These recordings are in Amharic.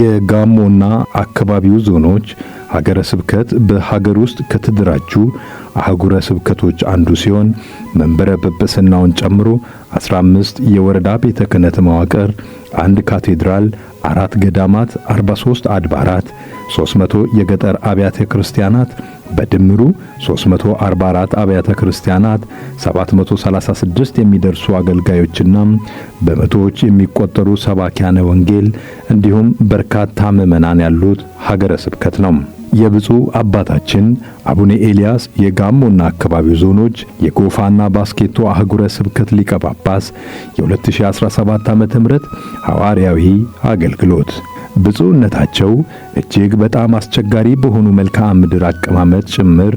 የጋሞና አካባቢው ዞኖች ሀገረ ስብከት በሀገር ውስጥ ከተደራጁ አህጉረ ስብከቶች አንዱ ሲሆን መንበረ ጵጵስናውን ጨምሮ 15 የወረዳ ቤተ ክህነት መዋቅር፣ አንድ ካቴድራል፣ አራት ገዳማት፣ 43 አድባራት፣ 300 የገጠር አብያተ ክርስቲያናት በድምሩ 344 አብያተ ክርስቲያናት 736 የሚደርሱ አገልጋዮችና በመቶዎች የሚቆጠሩ ሰባኪያነ ወንጌል እንዲሁም በርካታ ምዕመናን ያሉት ሀገረ ስብከት ነው። የብፁዕ አባታችን አቡነ ኤልያስ የጋሞና አካባቢው ዞኖች የጎፋና ባስኬቶ አህጉረ ስብከት ሊቀ ጳጳስ የ2017 .ም ሐዋርያዊ አገልግሎት ብፁዕነታቸው እጅግ በጣም አስቸጋሪ በሆኑ መልክዓ ምድር አቀማመጥ ጭምር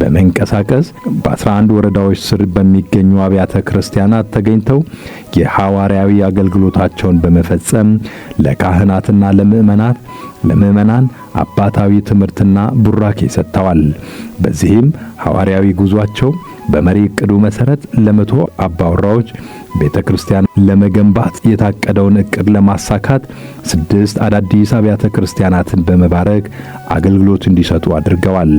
በመንቀሳቀስ በ11 ወረዳዎች ስር በሚገኙ አብያተ ክርስቲያናት ተገኝተው የሐዋርያዊ አገልግሎታቸውን በመፈጸም ለካህናትና ለምእመናት ለምእመናን አባታዊ ትምህርትና ቡራኬ ሰጥተዋል። በዚህም ሐዋርያዊ ጉዟቸው በመሪ መሰረት መሠረት ለመቶ አባወራዎች ቤተ ክርስቲያን ለመገንባት የታቀደውን እቅድ ለማሳካት ስድስት አዳዲስ አብያተ ክርስቲያናትን በመባረክ አገልግሎት እንዲሰጡ አድርገዋል።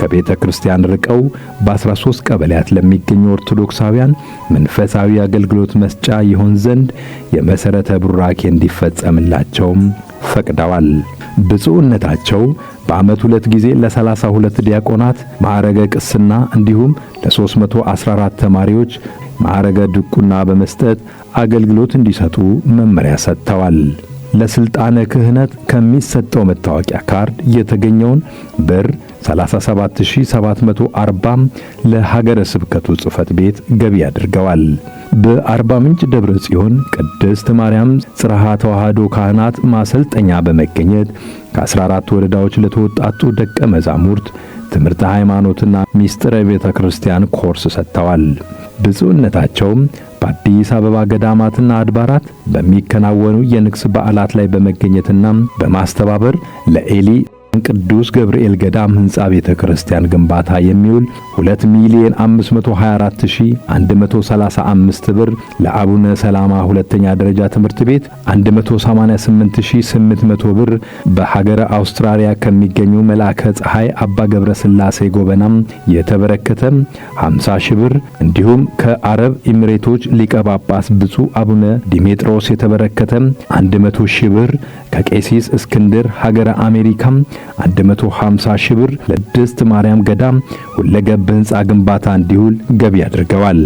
ከቤተ ክርስቲያን ርቀው በ13 ቀበሌያት ለሚገኙ ኦርቶዶክሳውያን መንፈሳዊ አገልግሎት መስጫ ይሆን ዘንድ የመሠረተ ቡራኬ እንዲፈጸምላቸውም ፈቅደዋል። ብፁዕነታቸው በዓመት ሁለት ጊዜ ለ32 ዲያቆናት ማዕረገ ቅስና እንዲሁም ለ314 ተማሪዎች ማዕረገ ድቁና በመስጠት አገልግሎት እንዲሰጡ መመሪያ ሰጥተዋል። ለስልጣነ ክህነት ከሚሰጠው መታወቂያ ካርድ የተገኘውን ብር 37740 ለሀገረ ስብከቱ ጽሕፈት ቤት ገቢ አድርገዋል። በአርባ ምንጭ ደብረ ጽዮን ቅድስት ማርያም ጽረሃ ተዋህዶ ካህናት ማሰልጠኛ በመገኘት ከ14 ወረዳዎች ለተወጣጡ ደቀ መዛሙርት ትምህርተ ሃይማኖትና ሚስጥረ ቤተ ክርስቲያን ኮርስ ሰጥተዋል። ብፁዕነታቸውም በአዲስ አበባ ገዳማትና አድባራት በሚከናወኑ የንግስ በዓላት ላይ በመገኘትና በማስተባበር ለኤሊ ቅዱስ ገብርኤል ገዳም ህንፃ ቤተ ክርስቲያን ግንባታ የሚውል 2 ሚሊዮን 524135 ብር ለአቡነ ሰላማ ሁለተኛ ደረጃ ትምህርት ቤት 188800 ብር በሀገረ አውስትራሊያ ከሚገኙ መልአከ ፀሐይ አባ ገብረ ስላሴ ጎበናም የተበረከተ 50 ሺህ ብር እንዲሁም ከአረብ ኢሚሬቶች ሊቀ ጳጳስ ብፁዕ አቡነ ዲሜጥሮስ የተበረከተ 100 ሺህ ብር ከቄሲስ እስክንድር ሀገረ አሜሪካም 150 ሺህ ብር ለቅድስት ማርያም ገዳም ሁለገብ ሕንፃ ግንባታ እንዲውል ገቢ አድርገዋል።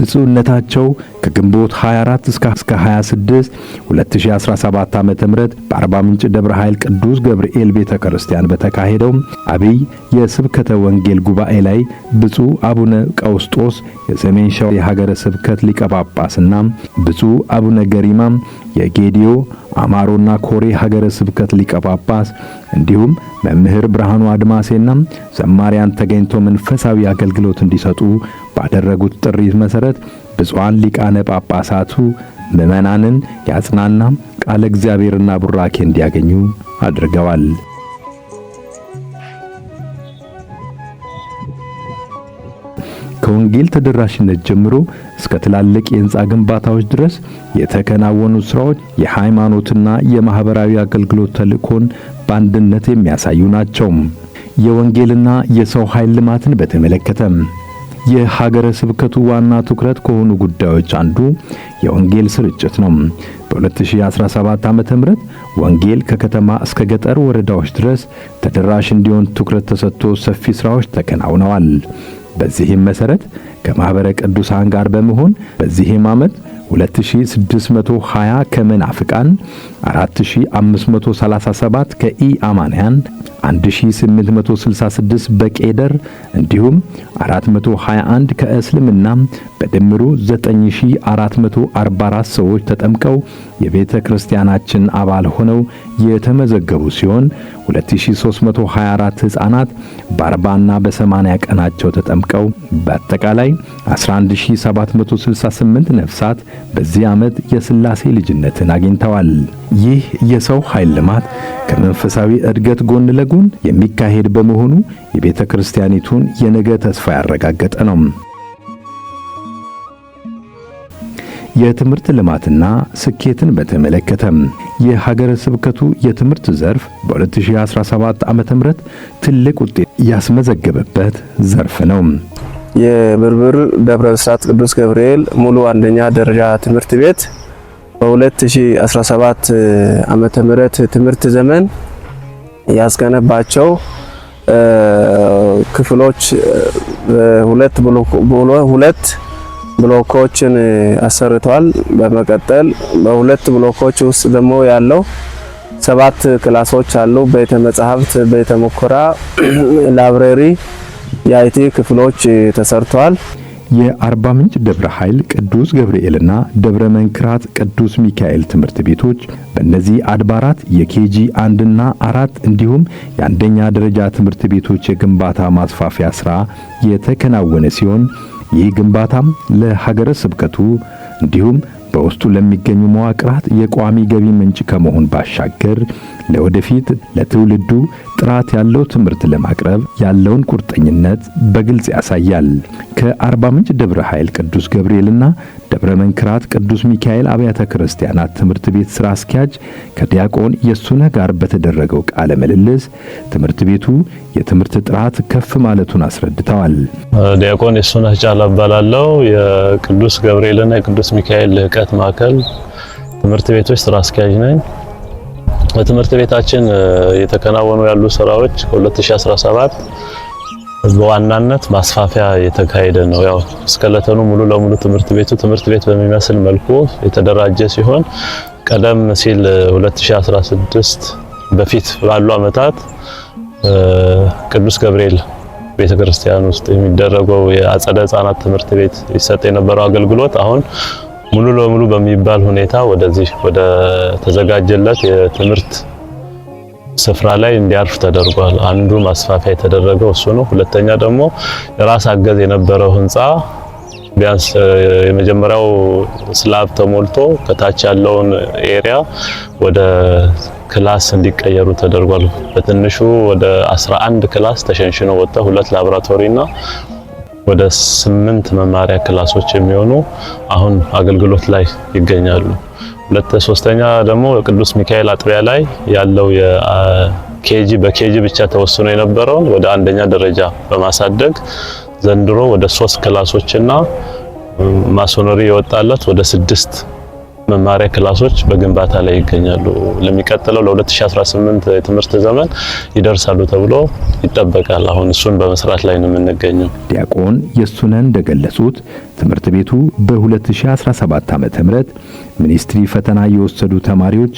ብፁዕነታቸው ከግንቦት 24 እስከ 26 2017 ዓ ም በአርባ ምንጭ ደብረ ኃይል ቅዱስ ገብርኤል ቤተ ክርስቲያን በተካሄደው አብይ የስብከተ ወንጌል ጉባኤ ላይ ብፁዕ አቡነ ቀውስጦስ የሰሜን ሸዋ የሀገረ ስብከት ሊቀ ጳጳስና ብፁዕ አቡነ ገሪማ የጌዲዮ አማሮና ኮሬ ሀገረ ስብከት ሊቀጳጳስ እንዲሁም መምህር ብርሃኑ አድማሴና ዘማሪያን ተገኝተው መንፈሳዊ አገልግሎት እንዲሰጡ ባደረጉት ጥሪ መሰረት ብፁዓን ሊቃነ ጳጳሳቱ ምእመናንን ያጽናናም ቃለ እግዚአብሔርና ቡራኬ እንዲያገኙ አድርገዋል። ከወንጌል ተደራሽነት ጀምሮ እስከ ትላልቅ የሕንፃ ግንባታዎች ድረስ የተከናወኑ ሥራዎች የሃይማኖትና የማኅበራዊ አገልግሎት ተልእኮን በአንድነት የሚያሳዩ ናቸው። የወንጌልና የሰው ኃይል ልማትን በተመለከተም የሀገረ ስብከቱ ዋና ትኩረት ከሆኑ ጉዳዮች አንዱ የወንጌል ስርጭት ነው። በ2017 ም ወንጌል ከከተማ እስከ ገጠር ወረዳዎች ድረስ ተደራሽ እንዲሆን ትኩረት ተሰጥቶ ሰፊ ስራዎች ተከናውነዋል። በዚህም መሰረት ከማኅበረ ቅዱሳን ጋር በመሆን በዚህም ዓመት 2620 ከመናፍቃን፣ 4537 ከኢአማንያን፣ 1866 በቄደር እንዲሁም 421 ከእስልምና በድምሩ 9444 ሰዎች ተጠምቀው የቤተ ክርስቲያናችን አባል ሆነው የተመዘገቡ ሲሆን 2324 ሕፃናት በ40ና በ80 ቀናቸው ተጠምቀው በአጠቃላይ 11768 ነፍሳት በዚህ ዓመት የሥላሴ ልጅነትን አግኝተዋል። ይህ የሰው ኃይል ልማት ከመንፈሳዊ እድገት ጎን ለጎን የሚካሄድ በመሆኑ የቤተ ክርስቲያኒቱን የነገ ተስፋ ያረጋገጠ ነው። የትምህርት ልማትና ስኬትን በተመለከተ የሀገረ ስብከቱ የትምህርት ዘርፍ በ2017 ዓ.ም ትልቅ ውጤት ያስመዘገበበት ዘርፍ ነው። የብርብር ደብረ ብስራት ቅዱስ ገብርኤል ሙሉ አንደኛ ደረጃ ትምህርት ቤት በ2017 ዓመተ ምህረት ትምህርት ዘመን ያስገነባቸው ክፍሎች ሁለት ሁለት ብሎኮችን አሰርቷል። በመቀጠል በሁለት ብሎኮች ውስጥ ደግሞ ያለው ሰባት ክላሶች አሉ። ቤተ መጻሕፍት፣ ቤተ ሙከራ፣ ላይብረሪ የአይቲ ክፍሎች ተሰርተዋል። የአርባ ምንጭ ደብረ ኃይል ቅዱስ ገብርኤልና ደብረ መንክራት ቅዱስ ሚካኤል ትምህርት ቤቶች በእነዚህ አድባራት የኬጂ አንድና አራት እንዲሁም የአንደኛ ደረጃ ትምህርት ቤቶች የግንባታ ማስፋፊያ ሥራ የተከናወነ ሲሆን ይህ ግንባታም ለሀገረ ስብከቱ እንዲሁም በውስጡ ለሚገኙ መዋቅራት የቋሚ ገቢ ምንጭ ከመሆን ባሻገር ለወደፊት ለትውልዱ ጥራት ያለው ትምህርት ለማቅረብ ያለውን ቁርጠኝነት በግልጽ ያሳያል። ከአርባ ምንጭ ደብረ ኃይል ቅዱስ ገብርኤልና ደብረ መንክራት ቅዱስ ሚካኤል አብያተ ክርስቲያናት ትምህርት ቤት ሥራ አስኪያጅ ከዲያቆን የሱነ ጋር በተደረገው ቃለ ምልልስ ትምህርት ቤቱ የትምህርት ጥራት ከፍ ማለቱን አስረድተዋል። ዲያቆን የሱነ ጫላ እባላለሁ። የቅዱስ ገብርኤልና የቅዱስ ሚካኤል ልህቀት ማዕከል ትምህርት ቤቶች ሥራ አስኪያጅ ነኝ። በትምህርት ቤታችን የተከናወኑ ያሉ ስራዎች ከ2017 በዋናነት ማስፋፊያ የተካሄደ ነው። ያው እስከለተኑ ሙሉ ለሙሉ ትምህርት ቤቱ ትምህርት ቤት በሚመስል መልኩ የተደራጀ ሲሆን ቀደም ሲል 2016 በፊት ባሉ አመታት ቅዱስ ገብርኤል ቤተ ክርስቲያን ውስጥ የሚደረገው የአጸደ ህጻናት ትምህርት ቤት ይሰጥ የነበረው አገልግሎት አሁን ሙሉ ለሙሉ በሚባል ሁኔታ ወደዚህ ወደ ተዘጋጀለት የትምህርት ስፍራ ላይ እንዲያርፍ ተደርጓል። አንዱ ማስፋፊያ የተደረገው እሱ ነው። ሁለተኛ ደግሞ ራስ አገዝ የነበረው ህንፃ ቢያንስ የመጀመሪያው ስላብ ተሞልቶ ከታች ያለውን ኤሪያ ወደ ክላስ እንዲቀየሩ ተደርጓል። በትንሹ ወደ 11 ክላስ ተሸንሽኖ ወጣ። ሁለት ላብራቶሪ። ወደ ስምንት መማሪያ ክላሶች የሚሆኑ አሁን አገልግሎት ላይ ይገኛሉ። ሁለት ሶስተኛ ደግሞ ቅዱስ ሚካኤል አጥቢያ ላይ ያለው ኬጂ በኬጂ ብቻ ተወስኖ የነበረውን ወደ አንደኛ ደረጃ በማሳደግ ዘንድሮ ወደ ሶስት ክላሶችና ማሶነሪ የወጣለት ወደ ስድስት መማሪያ ክላሶች በግንባታ ላይ ይገኛሉ። ለሚቀጥለው ለ2018 የትምህርት ዘመን ይደርሳሉ ተብሎ ይጠበቃል። አሁን እሱን በመስራት ላይ ነው የምንገኘው። ዲያቆን የሱነ እንደገለጹት ትምህርት ቤቱ በ2017 ዓ.ም ሚኒስትሪ ፈተና የወሰዱ ተማሪዎች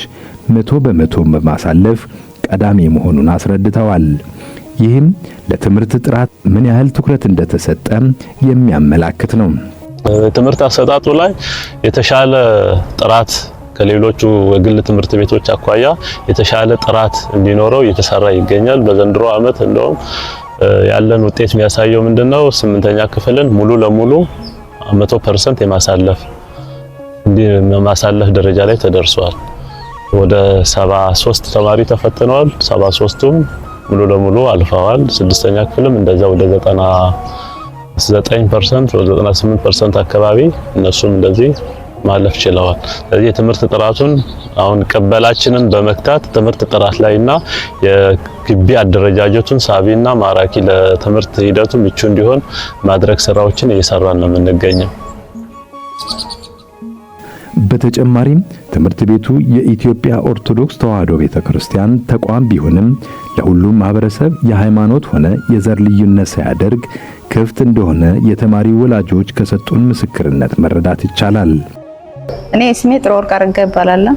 መቶ በመቶ በማሳለፍ ቀዳሚ መሆኑን አስረድተዋል። ይህም ለትምህርት ጥራት ምን ያህል ትኩረት እንደተሰጠ የሚያመላክት ነው። ትምህርት አሰጣጡ ላይ የተሻለ ጥራት ከሌሎቹ የግል ትምህርት ቤቶች አኳያ የተሻለ ጥራት እንዲኖረው እየተሰራ ይገኛል። በዘንድሮ ዓመት እንደውም ያለን ውጤት የሚያሳየው ምንድነው? ስምንተኛ ክፍልን ሙሉ ለሙሉ 100% የማሳለፍ ማሳለፍ ደረጃ ላይ ተደርሷል። ወደ 73 ተማሪ ተፈትነዋል። 73ቱም ሙሉ ለሙሉ አልፈዋል። ስድስተኛ ክፍልም እንደዛ ወደ 90 9 ፐርሰንት ወደ 98 ፐርሰንት አካባቢ እነሱም እንደዚህ ማለፍ ችለዋል። ስለዚህ የትምህርት ጥራቱን አሁን ቅበላችንን በመክታት ትምህርት ጥራት ላይና የግቢ አደረጃጀቱን ሳቢና ማራኪ ለትምህርት ሂደቱ ምቹ እንዲሆን ማድረግ ስራዎችን እየሰራን ነው የምንገኘው። በተጨማሪም ትምህርት ቤቱ የኢትዮጵያ ኦርቶዶክስ ተዋሕዶ ቤተክርስቲያን ተቋም ቢሆንም ለሁሉም ማህበረሰብ የሃይማኖት ሆነ የዘር ልዩነት ሳያደርግ ክፍት እንደሆነ የተማሪ ወላጆች ከሰጡን ምስክርነት መረዳት ይቻላል። እኔ ስሜ ጥሩ ወርቅ አረጋ ይባላለሁ።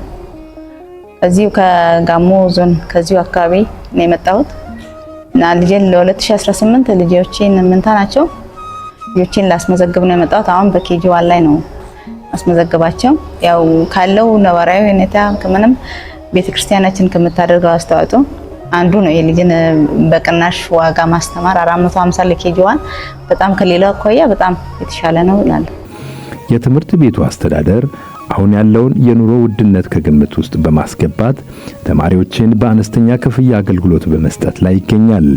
ከዚሁ ከጋሞ ዞን ከዚሁ አካባቢ ነው የመጣሁት እና ልጄን ለ2018 ልጆቼን ምንታ ናቸው ልጆቼን ላስመዘግብ ነው የመጣሁት። አሁን በኬጂ ዋን ላይ ነው አስመዘግባቸው። ያው ካለው ነባራዊ ሁኔታ ከምንም ቤተክርስቲያናችን ከምታደርገው አስተዋጽኦ አንዱ ነው የልጅን በቅናሽ ዋጋ ማስተማር 450 ለኬጂዋን በጣም ከሌላው አኳያ በጣም የተሻለ ነው እላለሁ። የትምህርት ቤቱ አስተዳደር አሁን ያለውን የኑሮ ውድነት ከግምት ውስጥ በማስገባት ተማሪዎችን በአነስተኛ ክፍያ አገልግሎት በመስጠት ላይ ይገኛል።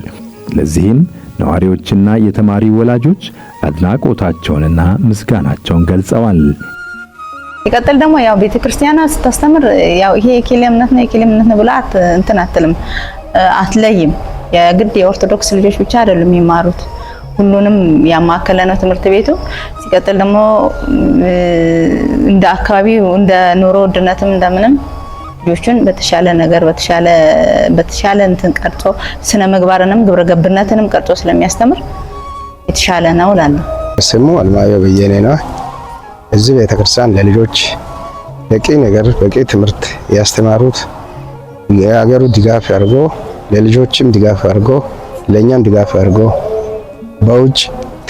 ለዚህም ነዋሪዎችና የተማሪ ወላጆች አድናቆታቸውንና ምስጋናቸውን ገልጸዋል። ይቀጥል ደግሞ ያው ቤተክርስቲያኗ ስታስተምር ያው ይሄ የኬሌ እምነት ነው የኬሌ እምነት ነው ብላት እንትን አትልም። አትለይም። የግድ የኦርቶዶክስ ልጆች ብቻ አይደሉም የሚማሩት ሁሉንም ያማከለ ነው ትምህርት ቤቱ። ሲቀጥል ደግሞ እንደ አካባቢ እንደ ኑሮ ውድነትም እንደምንም ልጆቹን በተሻለ ነገር በተሻለ በተሻለ እንትን ቀርጾ ስነ ምግባርንም ግብረ ገብነትንም ቀርጾ ስለሚያስተምር የተሻለ ነው እላለሁ። ስሙ አልማየሁ በየኔ ነው። እዚህ ቤተክርስቲያን ለልጆች በቂ ነገር በቂ ትምህርት ያስተማሩት የሀገሩ ድጋፍ አድርጎ ለልጆችም ድጋፍ አድርጎ ለእኛም ድጋፍ አድርጎ በውጭ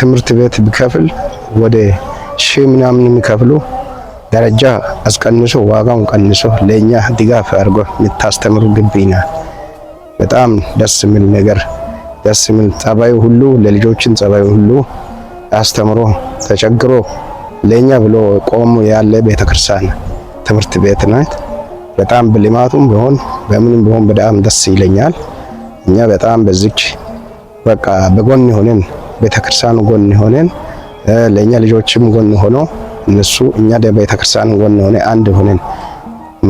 ትምህርት ቤት ቢከፍል ወደ ሺህ ምናምን የሚከፍሉ ደረጃ አስቀንሶ ዋጋውን ቀንሶ ለእኛ ድጋፍ አድርጎ የምታስተምሩ ግቢ ናት። በጣም ደስ የሚል ነገር ደስ የሚል ጸባዩ ሁሉ ለልጆችን ጸባዩ ሁሉ አስተምሮ ተቸግሮ ለእኛ ብሎ ቆሙ ያለ ቤተክርስቲያን ትምህርት ቤት ናት። በጣም በልማቱም ቢሆን በምንም ቢሆን በጣም ደስ ይለኛል። እኛ በጣም በዚች በቃ በጎን ሆነን ቤተክርስቲያኑ ጎን ሆነን ለኛ ልጆችም ጎን ሆኖ እነሱ እኛ ቤተክርስቲያኑ ጎን ሆነ አንድ ሆነን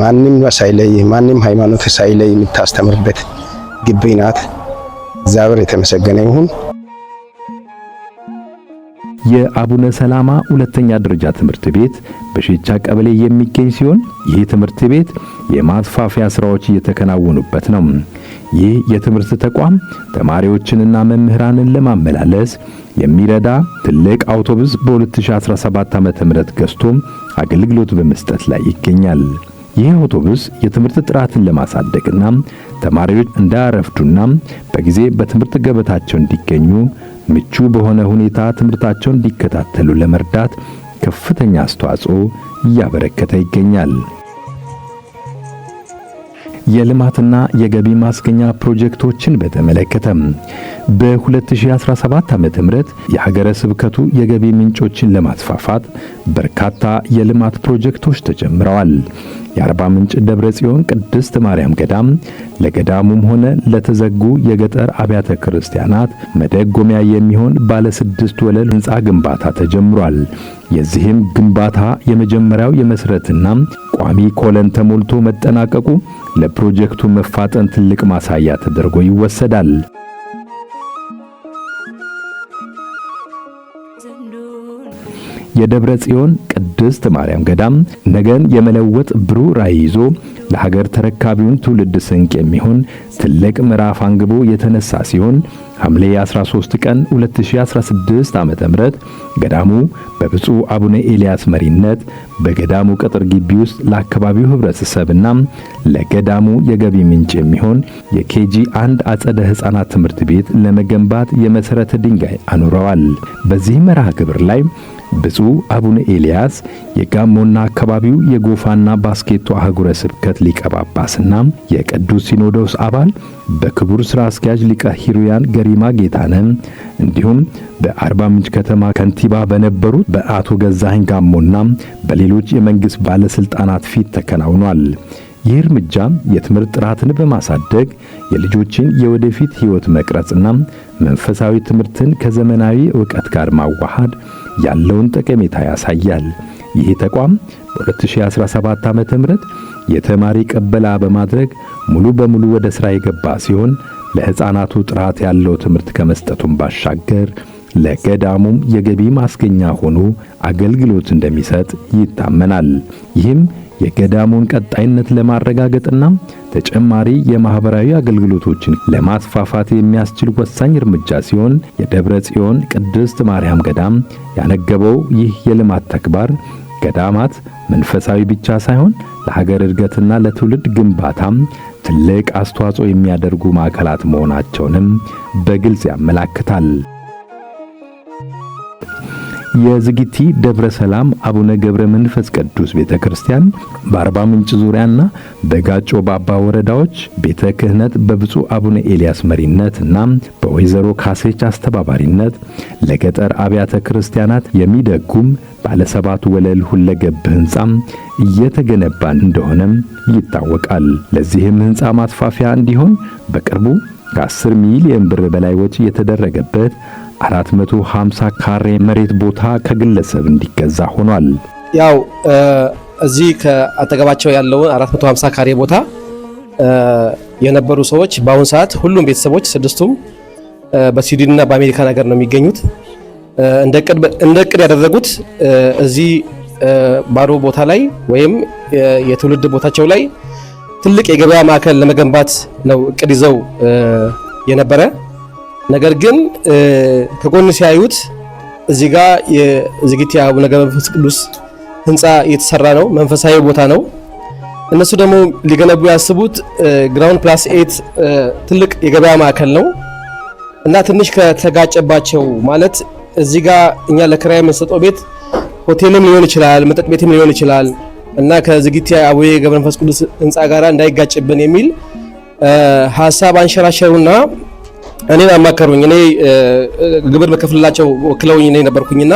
ማንም ሳይለይ ማንም ሃይማኖት ሳይለይ የምታስተምርበት ግቢ ናት። እግዚአብሔር የተመሰገነ ይሁን። የአቡነ ሰላማ ሁለተኛ ደረጃ ትምህርት ቤት በሽቻ ቀበሌ የሚገኝ ሲሆን ይህ ትምህርት ቤት የማስፋፊያ ስራዎች እየተከናወኑበት ነው። ይህ የትምህርት ተቋም ተማሪዎችንና መምህራንን ለማመላለስ የሚረዳ ትልቅ አውቶቡስ በ2017 ዓ.ም ገዝቶ አገልግሎት በመስጠት ላይ ይገኛል። ይህ አውቶቡስ የትምህርት ጥራትን ለማሳደግና ተማሪዎች እንዳያረፍዱና በጊዜ በትምህርት ገበታቸው እንዲገኙ ምቹ በሆነ ሁኔታ ትምህርታቸውን እንዲከታተሉ ለመርዳት ከፍተኛ አስተዋጽኦ እያበረከተ ይገኛል። የልማትና የገቢ ማስገኛ ፕሮጀክቶችን በተመለከተም በ2017 ዓ.ም ምህረት የሀገረ ስብከቱ የገቢ ምንጮችን ለማስፋፋት በርካታ የልማት ፕሮጀክቶች ተጀምረዋል። የአርባ ምንጭ ደብረ ጽዮን ቅድስት ማርያም ገዳም ለገዳሙም ሆነ ለተዘጉ የገጠር አብያተ ክርስቲያናት መደጎሚያ የሚሆን ባለ ስድስት ወለል ሕንፃ ግንባታ ተጀምሯል። የዚህም ግንባታ የመጀመሪያው የመሠረትና ቋሚ ኮለን ተሞልቶ መጠናቀቁ ለፕሮጀክቱ መፋጠን ትልቅ ማሳያ ተደርጎ ይወሰዳል። የደብረ ጽዮን ቅድስት ማርያም ገዳም ነገን የመለወጥ ብሩህ ራዕይ ይዞ ለሀገር ተረካቢውን ትውልድ ስንቅ የሚሆን ትልቅ ምዕራፍ አንግቦ የተነሳ ሲሆን ሐምሌ 13 ቀን 2016 ዓ.ም ገዳሙ በብፁዕ አቡነ ኤልያስ መሪነት በገዳሙ ቅጥር ግቢ ውስጥ ለአካባቢው ህብረተሰብና ለገዳሙ የገቢ ምንጭ የሚሆን የኬጂ አንድ አጸደ ሕፃናት ትምህርት ቤት ለመገንባት የመሠረተ ድንጋይ አኑረዋል። በዚህ መርሃ ግብር ላይ ብፁዕ አቡነ ኤልያስ የጋሞና አካባቢው የጎፋና ባስኬቶ አህጉረ ስብከት ሊቀ ጳጳስና የቅዱስ ሲኖዶስ አባል በክቡር ሥራ አስኪያጅ ሊቀ ሂሩያን ገሪማ ጌታነን እንዲሁም በአርባ ምንጭ ከተማ ከንቲባ በነበሩት በአቶ ገዛህን ጋሞና በሌሎች የመንግሥት ባለሥልጣናት ፊት ተከናውኗል። ይህ እርምጃ የትምህርት ጥራትን በማሳደግ የልጆችን የወደፊት ሕይወት መቅረጽና መንፈሳዊ ትምህርትን ከዘመናዊ ዕውቀት ጋር ማዋሃድ ያለውን ጠቀሜታ ያሳያል። ይህ ተቋም በ2017 ዓ.ም ምህረት የተማሪ ቀበላ በማድረግ ሙሉ በሙሉ ወደ ሥራ የገባ ሲሆን ለሕፃናቱ ጥራት ያለው ትምህርት ከመስጠቱም ባሻገር ለገዳሙም የገቢ ማስገኛ ሆኖ አገልግሎት እንደሚሰጥ ይታመናል። ይህም የገዳሙን ቀጣይነት ለማረጋገጥና ተጨማሪ የማህበራዊ አገልግሎቶችን ለማስፋፋት የሚያስችል ወሳኝ እርምጃ ሲሆን የደብረ ጽዮን ቅድስት ማርያም ገዳም ያነገበው ይህ የልማት ተግባር ገዳማት መንፈሳዊ ብቻ ሳይሆን ለሀገር እድገትና ለትውልድ ግንባታም ትልቅ አስተዋጽኦ የሚያደርጉ ማዕከላት መሆናቸውንም በግልጽ ያመላክታል። የዝግቲ ደብረ ሰላም አቡነ ገብረ መንፈስ ቅዱስ ቤተ ክርስቲያን በአርባ ምንጭ ዙሪያና በጋጮ ባባ ወረዳዎች ቤተ ክህነት በብፁዕ አቡነ ኤልያስ መሪነት እና በወይዘሮ ካሴች አስተባባሪነት ለገጠር አብያተ ክርስቲያናት የሚደጉም ባለሰባት ወለል ሁለገብ ሕንፃም እየተገነባ እንደሆነም ይታወቃል። ለዚህም ህንፃ ማስፋፊያ እንዲሆን በቅርቡ ከ10 ሚሊዮን ብር በላይ ወጪ የተደረገበት 450 ካሬ መሬት ቦታ ከግለሰብ እንዲገዛ ሆኗል። ያው እዚህ ከአጠገባቸው ያለውን 450 ካሬ ቦታ የነበሩ ሰዎች በአሁኑ ሰዓት ሁሉም ቤተሰቦች ስድስቱም በስዊድን እና በአሜሪካ ሀገር ነው የሚገኙት። እንደ እቅድ ያደረጉት እዚህ ባዶ ቦታ ላይ ወይም የትውልድ ቦታቸው ላይ ትልቅ የገበያ ማዕከል ለመገንባት ነው እቅድ ይዘው የነበረ ነገር ግን ከጎን ሲያዩት እዚህ ጋር የዝግቲ አቡነ ገብረ መንፈስ ቅዱስ ህንፃ እየተሰራ ነው። መንፈሳዊ ቦታ ነው። እነሱ ደግሞ ሊገነቡ ያስቡት ግራውንድ ፕላስ ኤት ትልቅ የገበያ ማዕከል ነው እና ትንሽ ከተጋጨባቸው ማለት እዚህ ጋር እኛ ለክራይ የምንሰጠው ቤት ሆቴልም ሊሆን ይችላል፣ መጠጥ ቤትም ሊሆን ይችላል እና ከዝግቲ አቡነ ገብረ መንፈስ ቅዱስ ህንፃ ጋር እንዳይጋጭብን የሚል ሀሳብ አንሸራሸሩና እኔን አማከሩኝ። እኔ ግብር በከፍላቸው ወክለውኝ እኔ ነበርኩኝና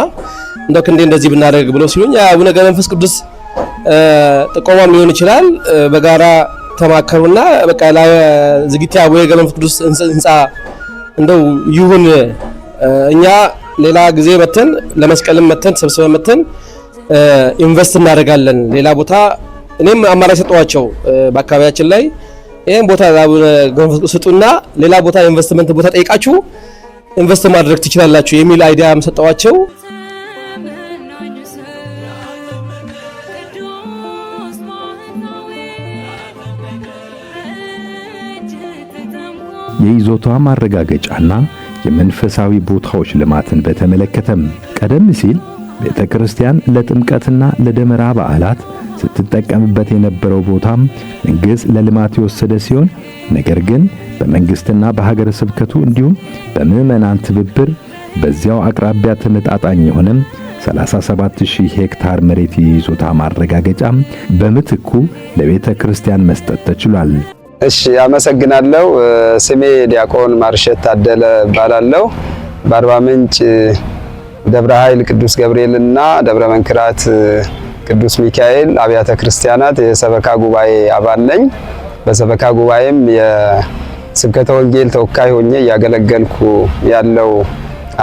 እንደው ክንዴ እንደዚህ ብናደርግ ብለው ሲሉኝ አቡነ ገብረ መንፈስ ቅዱስ ጥቆማም ሊሆን ይችላል በጋራ ተማከሩና በቃ ዝግታ ወይ ገብረ መንፈስ ቅዱስ ህንፃ እንደው ይሁን እኛ ሌላ ጊዜ መተን ለመስቀልም መተን ሰብስበ መተን ኢንቨስት እናደርጋለን ሌላ ቦታ እኔም አማራጭ ሰጠዋቸው በአካባቢያችን ላይ ይህን ቦታ ስጡና ሌላ ቦታ ኢንቨስትመንት ቦታ ጠይቃችሁ ኢንቨስት ማድረግ ትችላላችሁ የሚል አይዲያ ሰጠዋቸው። የይዞታ ማረጋገጫና የመንፈሳዊ ቦታዎች ልማትን በተመለከተም ቀደም ሲል ቤተ ክርስቲያን ለጥምቀትና ለደመራ በዓላት ስትጠቀምበት የነበረው ቦታ መንግሥት ለልማት የወሰደ ሲሆን ነገር ግን በመንግሥትና በሀገረ ስብከቱ እንዲሁም በምዕመናን ትብብር በዚያው አቅራቢያ ተመጣጣኝ የሆነ 37000 ሄክታር መሬት ይዞታ ማረጋገጫ በምትኩ ለቤተ ክርስቲያን መስጠት ተችሏል። እሺ፣ አመሰግናለሁ። ስሜ ዲያቆን ማርሸት ታደለ እባላለሁ። በአርባ ምንጭ ደብረ ኃይል ቅዱስ ገብርኤልና ደብረ መንክራት ቅዱስ ሚካኤል አብያተ ክርስቲያናት የሰበካ ጉባኤ አባል ነኝ። በሰበካ ጉባኤም የስብከተ ወንጌል ተወካይ ሆኜ እያገለገልኩ ያለው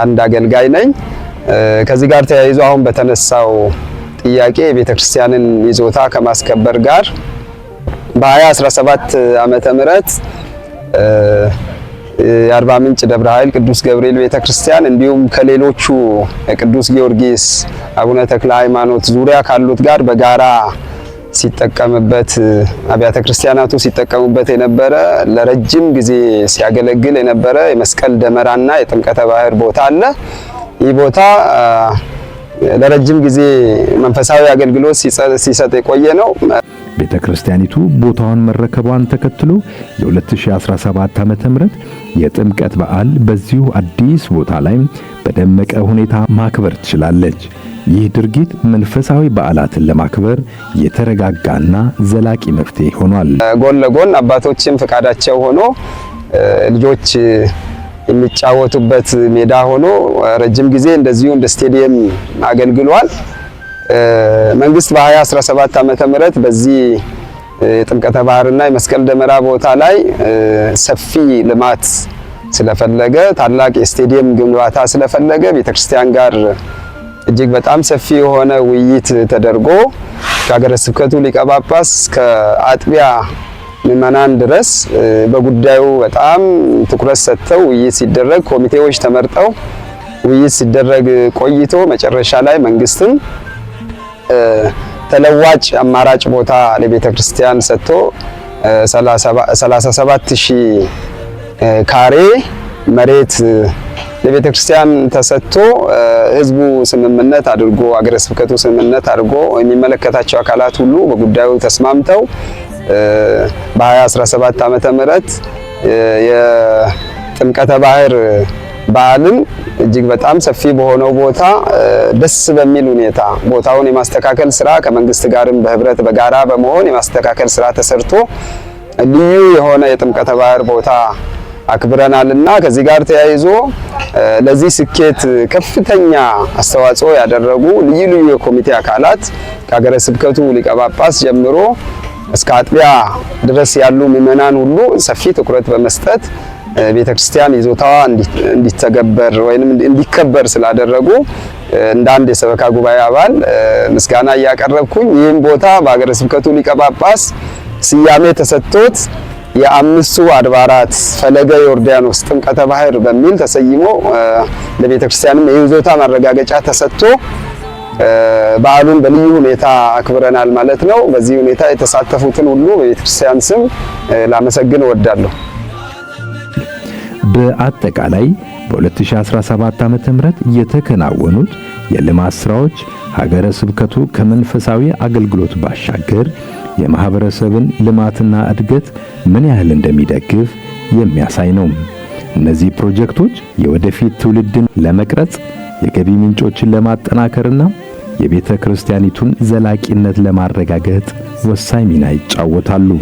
አንድ አገልጋይ ነኝ። ከዚህ ጋር ተያይዞ አሁን በተነሳው ጥያቄ የቤተ ክርስቲያንን ይዞታ ከማስከበር ጋር በ2017 ዓመተ ምህረት የአርባ ምንጭ ደብረ ኃይል ቅዱስ ገብርኤል ቤተክርስቲያን እንዲሁም ከሌሎቹ ቅዱስ ጊዮርጊስ፣ አቡነ ተክለ ሃይማኖት ዙሪያ ካሉት ጋር በጋራ ሲጠቀምበት አብያተ ክርስቲያናቱ ሲጠቀሙበት የነበረ ለረጅም ጊዜ ሲያገለግል የነበረ የመስቀል ደመራና የጥምቀተ ባህር ቦታ አለ። ይህ ቦታ ለረጅም ጊዜ መንፈሳዊ አገልግሎት ሲሰጥ የቆየ ነው። ቤተ ክርስቲያኒቱ ቦታውን መረከቧን ተከትሎ የ2017 ዓ.ም የጥምቀት በዓል በዚሁ አዲስ ቦታ ላይ በደመቀ ሁኔታ ማክበር ትችላለች። ይህ ድርጊት መንፈሳዊ በዓላትን ለማክበር የተረጋጋና ዘላቂ መፍትሄ ሆኗል። ጎን ለጎን አባቶችም ፈቃዳቸው ሆኖ ልጆች የሚጫወቱበት ሜዳ ሆኖ ረጅም ጊዜ እንደዚሁ እንደ ስቴዲየም አገልግሏል። መንግስት በ2017 ዓ.ም በዚህ የጥምቀተ ባህርና የመስቀል ደመራ ቦታ ላይ ሰፊ ልማት ስለፈለገ ታላቅ የስቴዲየም ግንባታ ስለፈለገ ቤተክርስቲያን ጋር እጅግ በጣም ሰፊ የሆነ ውይይት ተደርጎ ከሀገረ ስብከቱ ሊቀ ጳጳስ ከአጥቢያ ምዕመናን ድረስ በጉዳዩ በጣም ትኩረት ሰጥተው ውይይት ሲደረግ ኮሚቴዎች ተመርጠው ውይይት ሲደረግ ቆይቶ መጨረሻ ላይ መንግስትም ተለዋጭ አማራጭ ቦታ ለቤተ ክርስቲያን ሰጥቶ 37000 ካሬ መሬት ለቤተ ክርስቲያን ተሰጥቶ ህዝቡ ስምምነት አድርጎ አገረ ስብከቱ ስምምነት አድርጎ የሚመለከታቸው አካላት ሁሉ በጉዳዩ ተስማምተው በ2017 ዓ.ም ምህረት የጥምቀተ ባህር ባህልም እጅግ በጣም ሰፊ በሆነው ቦታ ደስ በሚል ሁኔታ ቦታውን የማስተካከል ስራ ከመንግስት ጋርም በህብረት በጋራ በመሆን የማስተካከል ስራ ተሰርቶ ልዩ የሆነ የጥምቀተ ባህር ቦታ አክብረናል እና ከዚህ ጋር ተያይዞ ለዚህ ስኬት ከፍተኛ አስተዋጽኦ ያደረጉ ልዩ ልዩ የኮሚቴ አካላት ከሀገረ ስብከቱ ሊቀ ጳጳስ ጀምሮ እስከ አጥቢያ ድረስ ያሉ ምዕመናን ሁሉ ሰፊ ትኩረት በመስጠት ቤተክርስቲያን ይዞታዋ እንዲተገበር ወይም እንዲከበር ስላደረጉ እንደ አንድ የሰበካ ጉባኤ አባል ምስጋና እያቀረብኩኝ ይህም ቦታ በሀገረ ስብከቱ ሊቀ ጳጳስ ስያሜ ተሰጥቶት የአምስቱ አድባራት ፈለገ ዮርዳኖስ ጥምቀተ ባህር በሚል ተሰይሞ ለቤተ ክርስቲያንም የይዞታ ማረጋገጫ ተሰጥቶ በዓሉን በልዩ ሁኔታ አክብረናል ማለት ነው። በዚህ ሁኔታ የተሳተፉትን ሁሉ በቤተ ክርስቲያን ስም ላመሰግን እወዳለሁ። በአጠቃላይ በ2017 ዓ.ም የተከናወኑት የልማት ሥራዎች ሀገረ ስብከቱ ከመንፈሳዊ አገልግሎት ባሻገር የማኅበረሰብን ልማትና እድገት ምን ያህል እንደሚደግፍ የሚያሳይ ነው። እነዚህ ፕሮጀክቶች የወደፊት ትውልድን ለመቅረጽ የገቢ ምንጮችን ለማጠናከርና የቤተ ክርስቲያኒቱን ዘላቂነት ለማረጋገጥ ወሳኝ ሚና ይጫወታሉ።